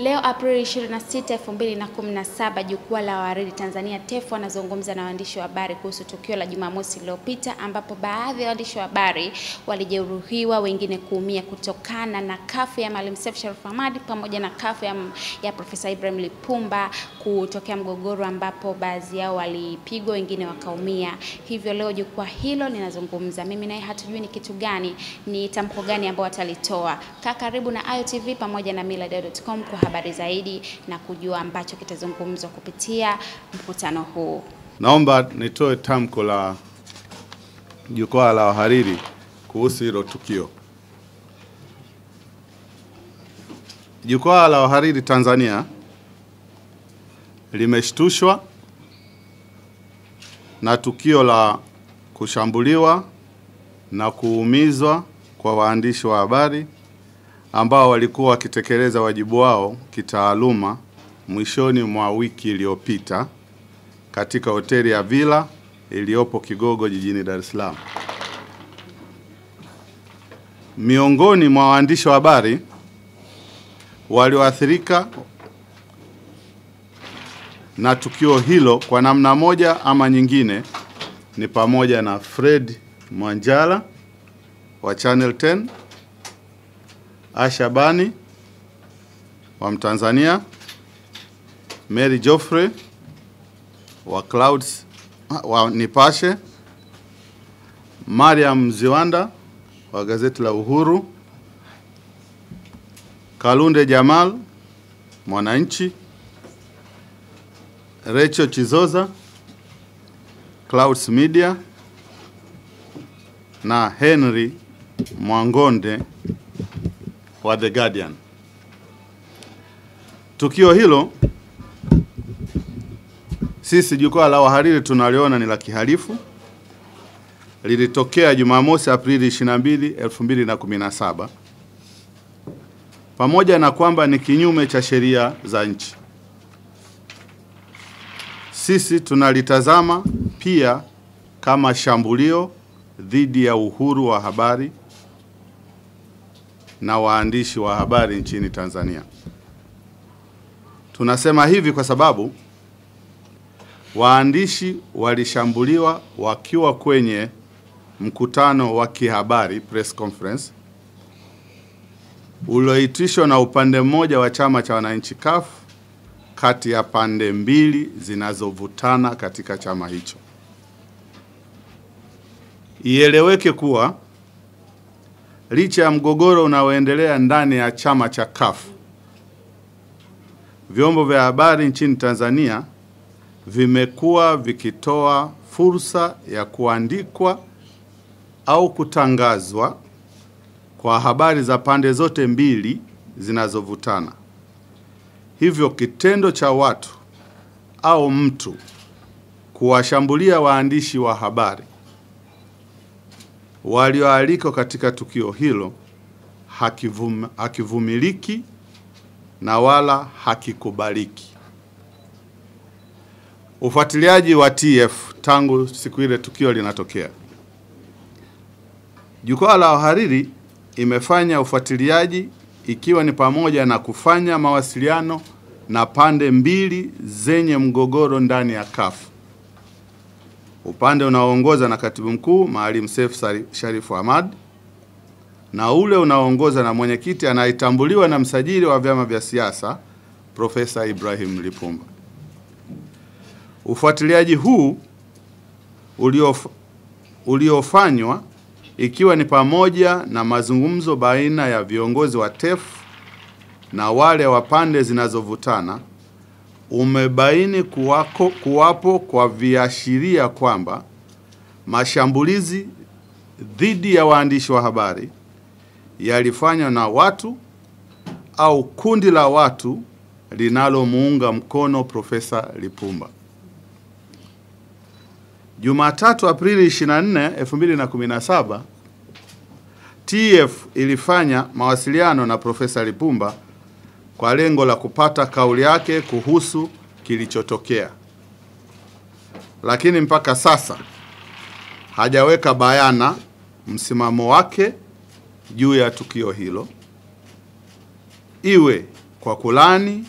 Leo Aprili 26, 2017, jukwaa la wahariri Tanzania TEF wanazungumza na waandishi wa habari kuhusu tukio la Jumamosi iliyopita ambapo baadhi ya waandishi wa habari walijeruhiwa, wengine kuumia kutokana na kafu ya Maalim Seif Sharif Hamad pamoja na kafu ya, ya Profesa Ibrahim Lipumba kutokea mgogoro ambapo baadhi yao walipigwa, wengine wakaumia. Hivyo leo jukwaa hilo linazungumza, mimi naye hatujui ni kitu gani, ni tamko gani ambao watalitoa. Kaa karibu na AyoTV pamoja na millardayo.com kwa habari zaidi na kujua ambacho kitazungumzwa kupitia mkutano huu. Naomba nitoe tamko la jukwaa la wahariri kuhusu hilo tukio. Jukwaa la wahariri Tanzania limeshtushwa na tukio la kushambuliwa na kuumizwa kwa waandishi wa habari ambao walikuwa wakitekeleza wajibu wao kitaaluma mwishoni mwa wiki iliyopita katika hoteli ya Villa iliyopo Kigogo jijini Dar es Salaam. Miongoni mwa waandishi wa habari walioathirika na tukio hilo kwa namna moja ama nyingine ni pamoja na Fred Mwanjala wa Channel Ashabani wa Mtanzania, Mary Joffrey wa Clouds wa Nipashe, Mariam Ziwanda wa gazeti la Uhuru, Kalunde Jamal Mwananchi, Rachel Chizoza Clouds Media na Henry Mwangonde wa The Guardian. Tukio hilo sisi jukwaa la wahariri tunaliona ni la kihalifu. Lilitokea Jumamosi Aprili 22, 2017 pamoja na kwamba ni kinyume cha sheria za nchi. Sisi tunalitazama pia kama shambulio dhidi ya uhuru wa habari na waandishi wa habari nchini Tanzania. Tunasema hivi kwa sababu waandishi walishambuliwa wakiwa kwenye mkutano wa kihabari press conference ulioitishwa na upande mmoja wa chama cha wananchi CUF kati ya pande mbili zinazovutana katika chama hicho. Ieleweke kuwa licha ya mgogoro unaoendelea ndani ya chama cha CUF. Vyombo vya habari nchini Tanzania vimekuwa vikitoa fursa ya kuandikwa au kutangazwa kwa habari za pande zote mbili zinazovutana. Hivyo kitendo cha watu au mtu kuwashambulia waandishi wa habari walioalikwa katika tukio hilo hakivum, hakivumiliki na wala hakikubaliki. Ufuatiliaji wa TF tangu siku ile tukio linatokea. Jukwaa la wahariri imefanya ufuatiliaji ikiwa ni pamoja na kufanya mawasiliano na pande mbili zenye mgogoro ndani ya kafu upande unaoongoza na katibu mkuu Maalim Seif Sharif Hamad na ule unaoongoza na mwenyekiti anayetambuliwa na msajili wa vyama vya siasa Profesa Ibrahim Lipumba. Ufuatiliaji huu uliof, uliofanywa ikiwa ni pamoja na mazungumzo baina ya viongozi wa TEF na wale wa pande zinazovutana umebaini kuwako, kuwapo kwa viashiria kwamba mashambulizi dhidi ya waandishi wa habari yalifanywa na watu au kundi la watu linalomuunga mkono Profesa Lipumba. Jumatatu Aprili 24, 2017, TF ilifanya mawasiliano na Profesa Lipumba kwa lengo la kupata kauli yake kuhusu kilichotokea, lakini mpaka sasa hajaweka bayana msimamo wake juu ya tukio hilo, iwe kwa kulani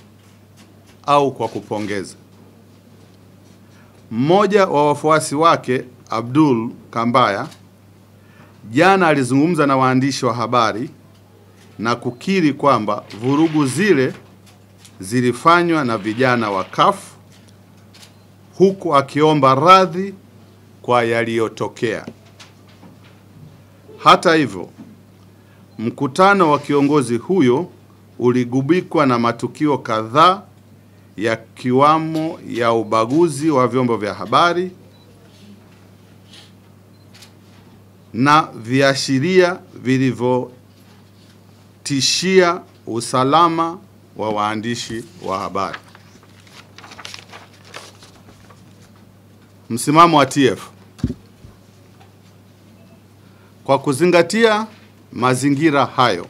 au kwa kupongeza. Mmoja wa wafuasi wake Abdul Kambaya jana alizungumza na waandishi wa habari na kukiri kwamba vurugu zile zilifanywa na vijana wa kafu huku akiomba radhi kwa yaliyotokea. Hata hivyo, mkutano wa kiongozi huyo uligubikwa na matukio kadhaa ya kiwamo ya ubaguzi wa vyombo vya habari na viashiria vilivyo kutishia usalama wa waandishi wa habari. Msimamo wa TF kwa kuzingatia mazingira hayo,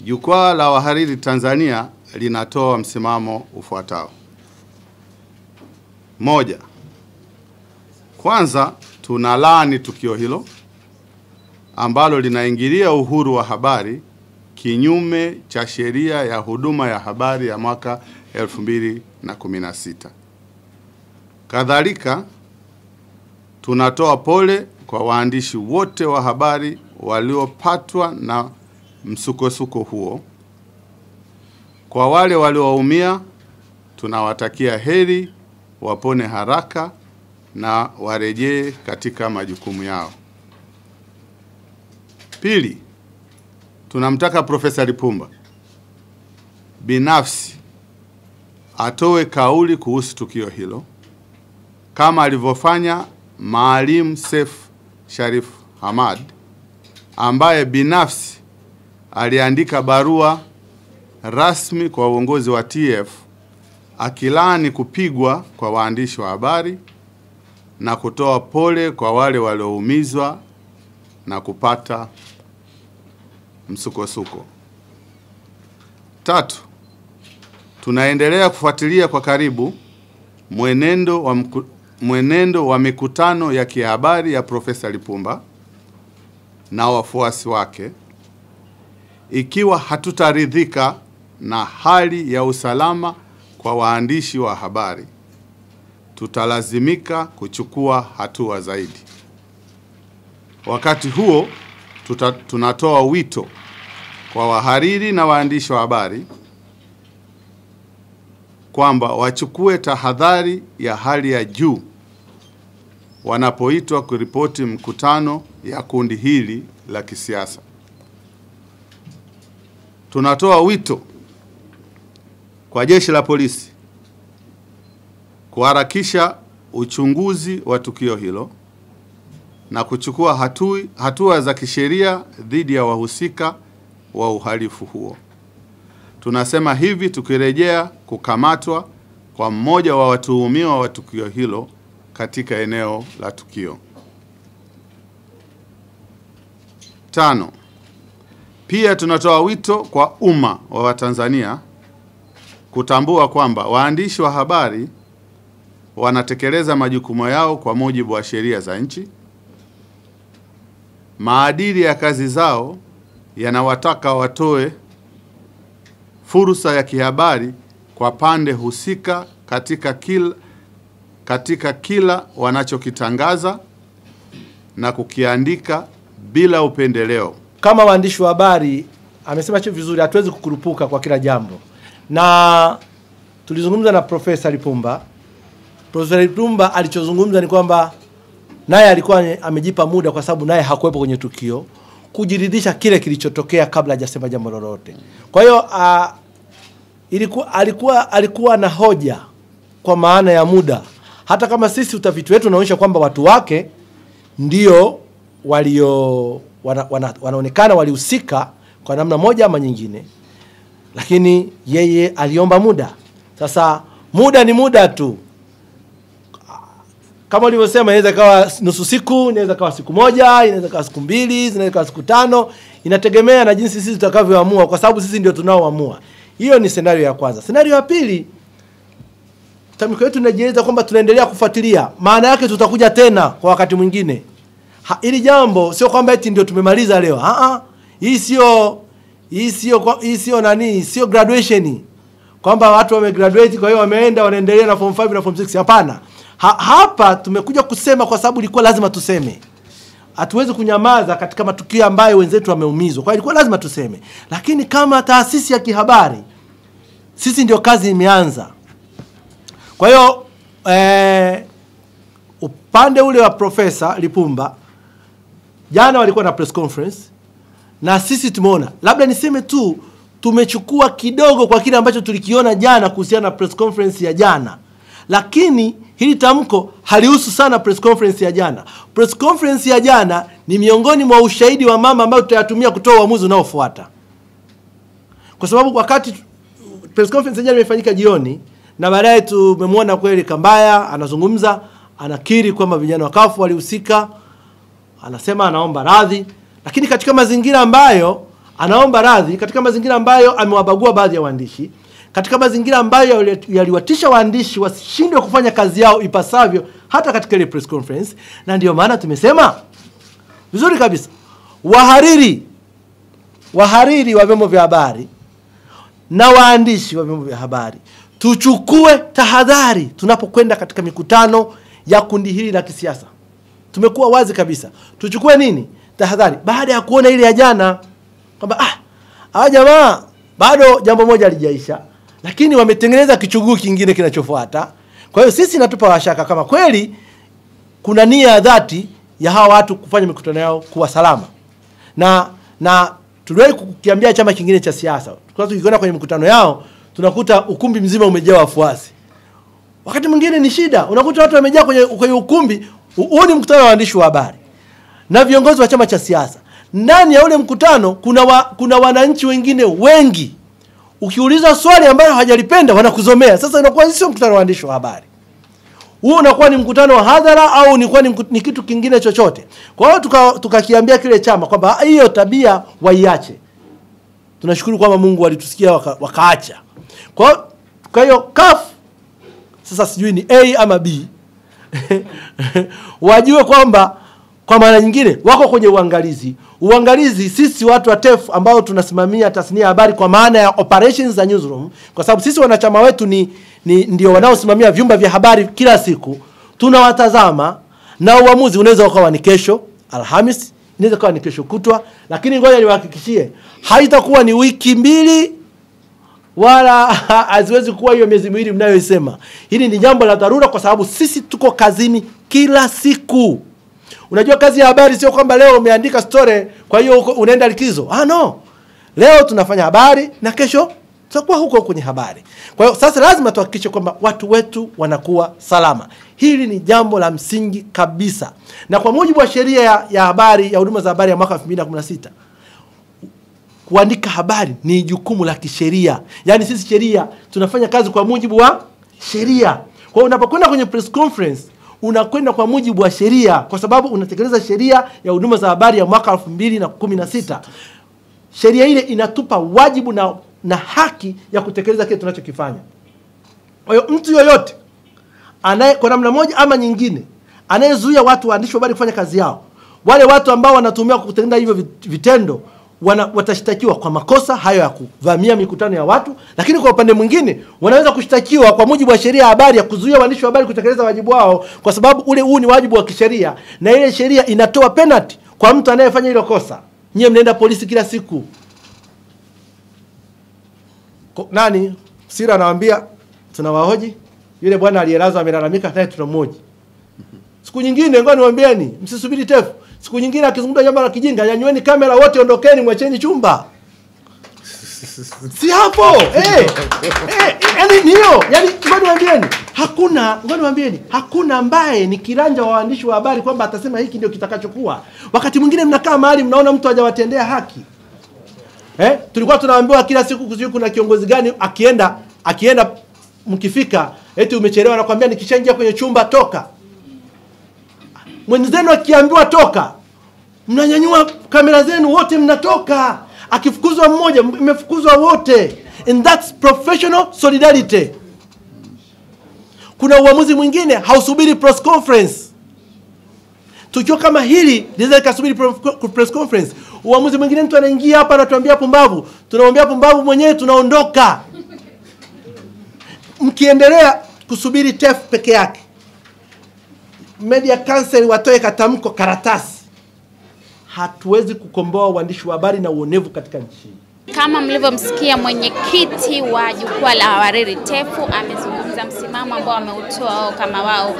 Jukwaa la Wahariri Tanzania linatoa msimamo ufuatao. Moja, kwanza tunalaani tukio hilo ambalo linaingilia uhuru wa habari kinyume cha sheria ya huduma ya habari ya mwaka 2016. Kadhalika, tunatoa pole kwa waandishi wote wa habari waliopatwa na msukosuko huo. Kwa wale walioumia, tunawatakia heri, wapone haraka na warejee katika majukumu yao. Pili, tunamtaka Profesa Lipumba binafsi atoe kauli kuhusu tukio hilo kama alivyofanya Maalim Seif Sharif Hamad ambaye binafsi aliandika barua rasmi kwa uongozi wa TF akilaani kupigwa kwa waandishi wa habari na kutoa pole kwa wale walioumizwa na kupata msukosuko. Tatu, tunaendelea kufuatilia kwa karibu mwenendo wa, mku, mwenendo wa mikutano ya kihabari ya Profesa Lipumba na wafuasi wake, ikiwa hatutaridhika na hali ya usalama kwa waandishi wa habari, tutalazimika kuchukua hatua zaidi. Wakati huo tuta, tunatoa wito kwa wahariri na waandishi wa habari kwamba wachukue tahadhari ya hali ya juu wanapoitwa kuripoti mkutano ya kundi hili la kisiasa. Tunatoa wito kwa jeshi la polisi kuharakisha uchunguzi wa tukio hilo na kuchukua hatui, hatua za kisheria dhidi ya wahusika wa uhalifu huo. Tunasema hivi tukirejea kukamatwa kwa mmoja wa watuhumiwa wa tukio hilo katika eneo la tukio. Tano, pia tunatoa wito kwa umma wa Watanzania kutambua kwamba waandishi wa habari wanatekeleza majukumu yao kwa mujibu wa sheria za nchi maadili ya kazi zao yanawataka watoe fursa ya kihabari kwa pande husika katika kila, katika kila wanachokitangaza na kukiandika bila upendeleo. Kama waandishi wa habari, amesema hicho vizuri, hatuwezi kukurupuka kwa kila jambo, na tulizungumza na Profesa Lipumba. Profesa Lipumba alichozungumza ni kwamba naye alikuwa amejipa muda, kwa sababu naye hakuwepo kwenye tukio, kujiridhisha kile kilichotokea kabla hajasema jambo lolote. Kwa hiyo ilikuwa alikuwa alikuwa na hoja kwa maana ya muda, hata kama sisi utafiti wetu unaonyesha kwamba watu wake ndio walio wana, wana, wanaonekana walihusika kwa namna moja ama nyingine, lakini yeye aliomba muda. Sasa muda ni muda tu, kama ulivyosema inaweza kawa nusu siku inaweza kawa siku moja inaweza kawa siku mbili inaweza kawa siku tano inategemea na jinsi sisi tutakavyoamua kwa sababu sisi ndio tunaoamua hiyo ni senario ya kwanza senario ya pili tamko yetu linajieleza kwamba tunaendelea kufuatilia maana yake tutakuja tena kwa wakati mwingine hili jambo sio kwamba eti ndio tumemaliza leo hii sio hii sio hii sio nani sio graduation kwamba watu wamegraduate kwa hiyo wameenda wanaendelea na form 5 na form 6 hapana Ha, hapa tumekuja kusema kwa sababu ilikuwa lazima tuseme. Hatuwezi kunyamaza katika matukio ambayo wenzetu wameumizwa, kwa hiyo ilikuwa lazima tuseme. Lakini kama taasisi ya kihabari, sisi ndio kazi imeanza. Kwa hiyo eh, upande ule wa Profesa Lipumba jana walikuwa na press conference na sisi tumeona, labda niseme tu tumechukua kidogo kwa kile ambacho tulikiona jana kuhusiana na press conference ya jana lakini hili tamko halihusu sana press conference ya jana. Press conference ya jana ni miongoni mwa ushahidi wa mama ambayo tutayatumia kutoa uamuzi unaofuata, kwa sababu wakati press conference ya jana imefanyika jioni na baadaye tumemwona kweli Kambaya anazungumza, anakiri kwamba vijana wa CUF walihusika, anasema anaomba radhi, lakini katika mazingira ambayo anaomba radhi, katika mazingira ambayo amewabagua baadhi ya waandishi katika mazingira ambayo yaliwatisha waandishi washindwe kufanya kazi yao ipasavyo hata katika ile press conference, na ndio maana tumesema vizuri kabisa, wahariri wahariri wa vyombo vya habari na waandishi wa vyombo vya habari tuchukue tahadhari tunapokwenda katika mikutano ya kundi hili la kisiasa. Tumekuwa wazi kabisa, tuchukue nini tahadhari baada ya kuona ile ya jana kwamba ah, hawa jamaa bado jambo moja halijaisha lakini wametengeneza kichuguu kingine kinachofuata. Kwa hiyo sisi natupa washaka kama kweli kuna nia ya dhati ya hawa watu kufanya mikutano yao kuwa salama, na na tuliwahi kukiambia chama kingine cha siasa, tulikuwa tukikwenda kwenye mikutano yao tunakuta ukumbi mzima umejaa wafuasi. Wakati mwingine ni shida, unakuta watu wamejaa kwenye, kwenye ukumbi. Huu ni mkutano wa waandishi wa habari na viongozi wa chama cha siasa. Ndani ya ule mkutano kuna, wa, kuna wananchi wengine wengi ukiuliza swali ambalo hajalipenda wanakuzomea. Sasa inakuwa sio mkutano wa waandishi wa habari, huo unakuwa ni mkutano wa hadhara au ni, ni kitu kingine chochote. Kwa hiyo tukakiambia tuka kile chama kwamba ah, hiyo tabia waiache. Tunashukuru kwamba Mungu walitusikia waka, wakaacha. Kwa hiyo CUF sasa sijui ni A ama B wajue kwamba kwa maana nyingine wako kwenye uangalizi. Uangalizi sisi watu wa TEF ambao tunasimamia tasnia ya habari kwa maana ya operations za newsroom, kwa sababu sisi wanachama wetu ni, ni ndio wanaosimamia vyumba vya habari kila siku, tunawatazama na uamuzi unaweza ukawa ni kesho Alhamis, inaweza kuwa ni kesho kutwa, lakini ngoja niwahakikishie, haitakuwa ni wiki mbili wala haziwezi kuwa hiyo miezi miwili mnayoisema. Hili ni jambo la dharura, kwa sababu sisi tuko kazini kila siku. Unajua kazi ya habari sio kwamba leo umeandika story, kwa hiyo unaenda likizo. Ah, no, leo tunafanya habari na kesho tutakuwa huko kwenye habari. Kwa hiyo sasa lazima tuhakikishe kwamba watu wetu wanakuwa salama. Hili ni jambo la msingi kabisa, na kwa mujibu wa sheria ya, ya habari ya huduma za habari ya mwaka 2016 kuandika habari ni jukumu la kisheria. Yaani sisi sheria tunafanya kazi kwa mujibu wa sheria. Kwa hiyo unapokwenda kwenye press conference unakwenda kwa mujibu wa sheria, kwa sababu unatekeleza sheria ya huduma za habari ya mwaka 2016. Sheria ile inatupa wajibu na, na haki ya kutekeleza kile tunachokifanya. Kwa hiyo mtu yoyote anaye kwa namna moja ama nyingine anayezuia watu waandishi wa habari kufanya kazi yao, wale watu ambao wanatumiwa kutenda hivyo vitendo wana, watashtakiwa kwa makosa hayo ya kuvamia mikutano ya watu, lakini kwa upande mwingine wanaweza kushtakiwa kwa mujibu wa sheria ya habari ya kuzuia waandishi wa habari kutekeleza wajibu wao, kwa sababu ule huu ni wajibu wa kisheria na ile sheria inatoa penalty kwa mtu anayefanya hilo kosa. Nyie mnaenda polisi kila siku K nani Sira anawaambia tunawahoji, yule bwana aliyelazwa amelalamika, naye tunamhoji Siku nyingine ngoja niwaambieni, msisubiri tefu. Siku nyingine akizungumza jambo la kijinga, yanyweni kamera wote, ondokeni, mwacheni chumba. si hapo eh, eh, yani hiyo yani, ngoja niwaambieni, hakuna ngoja niwaambieni, hakuna ambaye ni kiranja wa waandishi wa habari kwamba atasema hiki ndio kitakachokuwa. Wakati mwingine mnakaa mahali mnaona mtu hajawatendea haki eh, tulikuwa tunaambiwa kila siku kusiku kuna kiongozi gani akienda akienda mkifika eti umechelewa, nakwambia nikishaingia kwenye chumba toka mwenzenu akiambiwa toka, mnanyanyua kamera zenu, wote mnatoka. Akifukuzwa mmoja, imefukuzwa wote, and that's professional solidarity. Kuna uamuzi mwingine hausubiri press conference. Tukio kama hili linaweza likasubiri press conference. Uamuzi mwingine mtu anaingia hapa anatuambia pumbavu, tunamwambia pumbavu mwenyewe, tunaondoka mkiendelea kusubiri TEF peke yake Media Council watoe katamko, karatasi. Hatuwezi kukomboa uandishi wa habari na uonevu katika nchi kama mlivyomsikia mwenyekiti wa jukwaa la wahariri TEFU amezungumza msimamo ambao wameutoa wao kama wao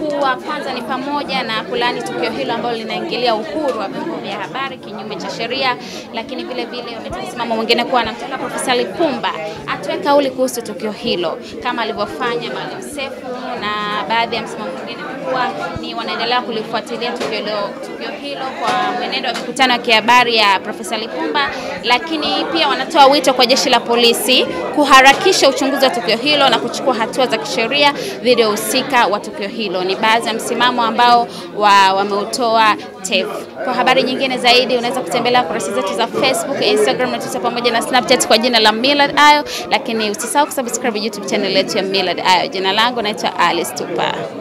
Kuu wa kwanza ni pamoja na kulani tukio hilo ambalo linaingilia uhuru wa vyombo vya habari kinyume cha sheria, lakini vile vile wametoa msimamo mwingine kuwa anamtaka Profesa Lipumba atoe kauli kuhusu tukio hilo kama alivyofanya Maalim Seif na baadhi ya msimamo mwingine kuwa ni wanaendelea kulifuatilia tukio hilo, tukio hilo kwa mwenendo wa mikutano ya kihabari ya Profesa Lipumba, lakini pia wanatoa wito kwa jeshi la polisi kuharakisha uchunguzi wa tukio hilo na kuchukua hatua za kisheria dhidi ya husika wa tukio hilo ni baadhi ya msimamo ambao wa, wameutoa TEF. Kwa habari nyingine zaidi unaweza kutembelea kurasa zetu za Facebook, Instagram na Twitter pamoja na Snapchat kwa jina la Millard Ayo, lakini usisahau kusubscribe YouTube channel yetu ya Millard Ayo. Jina langu naitwa Alice Tupa.